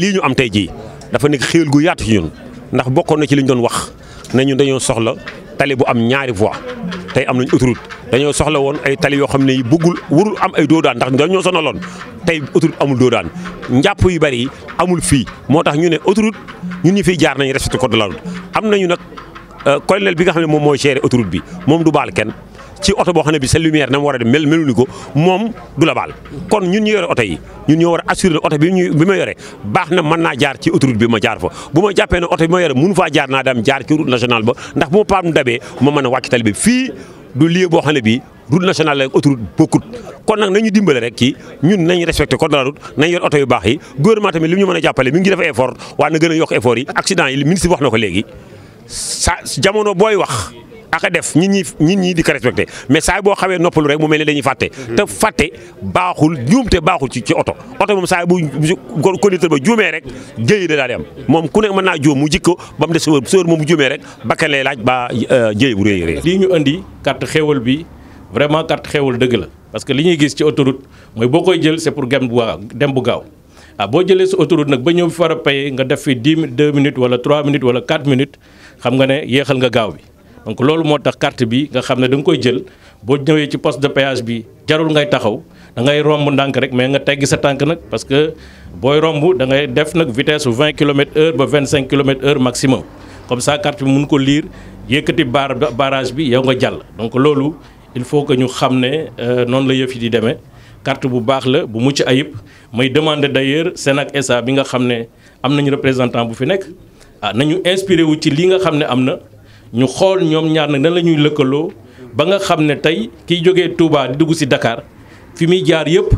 lii ñu am tey jii dafa nekk xéel gu yaatu ci ñun ndax bokkoon na ci li ñu doon wax nañu dañoo soxla tali bu am ñaari voie tey am nañ autoroute dañoo soxla woon ay tali yoo xam ne yi bëggul warul am ay doodaan ndax dañoo sonaloon tey autoroute amul doodaan njàpp yu bari amul fii moo tax ñu ne autoroute ñun ñu fii jaar nañu respecté code de la route am nañu nag euh, colonel bi nga xam ne moom mooy gérer autoroute bi moom du baal kenn ci oto boo xam ne bi sa lumière na mu war a dem mel meluñu moom du la baal kon ñun ñu yore oto yi ñun ñoo war a assurer oto bi ñu bi ma yore baax na mën naa jaar ci ma jaar fa bu ma jàppee ne oto bi ma yore jaar naa dem jaar ci route nationale ba ndax bu ma paam dabee ma mën a wàcc fii du lieu boo xam ne bii route nationale la ak autoroute bokkut kon nag nañu dimbale rek ci ñun nañu respecté code de la route nañ yor oto yu baax yi gouvernement tamit li ñu mën a jàppale mi ngi def effort waaye na gën a yokk effort booy wax ak def nit ñi nit ñi di ko respecté mais saa boo xawee noppalu rek mu mel ne dañuy fàtte. Mhm. te fàtte baaxul juumte baaxul ci ci oto oto moom saa bu conducteur ba juumee rek jëyi da daal di am moom ku ne mën naa juum mu jikko ba de des sëwër sëwër moom mu juumee rek bakkan lay laaj ba euh, jëy bu rëy rëy. lii ñu indi carte xéwal bi vraiment carte xéwal dëgg la parce que li ñuy gis ci autoroute mooy boo koy jël c'est pour gem bu dem bu gaaw. ah boo jëlee sa autoroute nag ba ñëw fi war a paye nga def fi 10 2 minutes wala 3 minutes wala 4 minutes xam nga ne yéexal nga gaaw bi donc loolu moo tax carte bi nga xam ne danga koy jël boo ñëwee ci poste de péage bi jarul ngay taxaw da ngay romb ndànk rek mais nga teggi sa tànk nag parce que booy romb da ngay def nag vitesse su 20 kilomètres heure ba 25 kilomètres heure maximum comme ça carte bi mun ko liir yëkkati bar barrage bi yow nga jàll donc loolu il faut que ñu xam ne euh, noonu la yëf yi di demee carte bu baax la bu mucc ayib may demander d'ailleurs Sénac SA bi nga xam ne am nañu représentant bu fi nekk ah nañu inspiré wu ci li nga xam ne am na. ñu xool ñoom ñaar nag nan la ñuy lëkkaloo ba nga xam ne tey kii Touba di dugg si Dakar fi muy jaar yëpp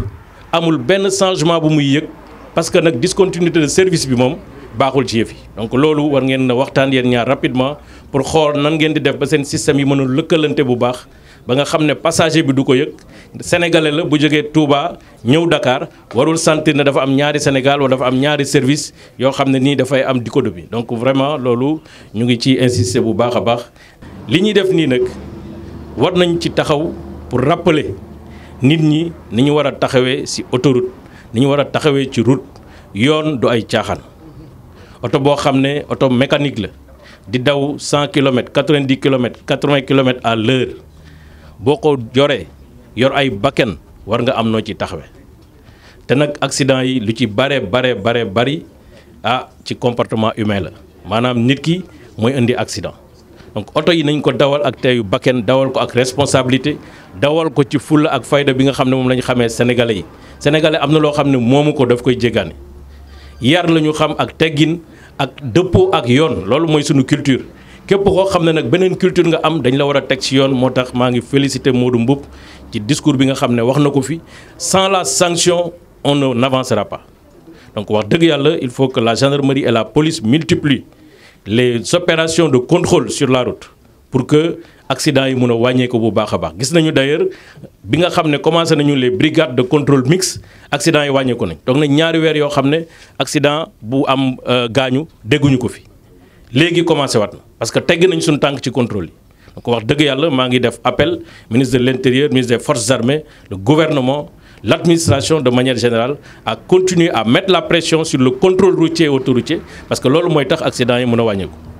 amul ben changement bu muy yëg parce que nag discontinuité de service bi moom baaxul ci yëf yi donc loolu war ngeen a waxtaan yéen ñaar rapidement pour xool nan ngeen di def ba seen système yi mën a bu baax ba nga xam passager bi du ko yëg sénégalais la bu jógee Touba ñëw Dakar warul sentir ne dafa am ñaari Sénégal wala dafa am ñaari service yo xamné ni nii dafay am dichotomie donc vraiment lolu ñu ngi ci insister bu baaxa baax. li def ni nak war nañ ci taxaw pour rappeler nit ñi ni ñu wara taxawé ci autoroute ni ñu wara taxawé ci route yoon du ay tiaxan auto bo xamné auto mécanique la. di daw 100 km, 90 km, 80 km à l'heure Boko joré yor ay bakken war nga am noo ci taxawe te nag accident yi lu ci bare bare bare bari ah ci comportement humain la maanaam nit ki mooy indi accident donc oto yi nañ ko dawal ak teeyu bakken dawal ko ak responsabilité dawal ko ci fulla ak fayda bi nga xam ne moom la ñu xamee sénégale yi sénégalais am na loo xam ne moomu ko daf koy jéggaane yar la ñu xam ak teggin ak dëppoo ak yoon loolu mooy sunu culture képp koo xam ne nag beneen culture nga am dañ la war a teg ci yoon moo tax maa ngi félicité Modou Mboup ci discours bi nga xam ne wax na ko fi sans la sanction on n'avancera pas donc wax dëgg yàlla il faut que la gendarmerie et la police multiplient les opérations de contrôle sur la route pour que accident yi mun a wàññeeku bu baax a baax gis nañu d'ailleurs bi nga xam ne commencé nañu les brigades de contrôle mix accident yi wàññeeku nañ toog na ñaari weer yoo xam ne accident bu am euh, gaañu dégguñu ko fi gens commencé à parce que tegg nañ suñu tànk ci contrôle donc wax deug yalla un def appel ministre de l'Intérieur, au ministre des forces armées le gouvernement l'administration de manière générale à continuer à mettre la pression sur le contrôle routier et autoroutier parce que lolu moy tax accident yi mëna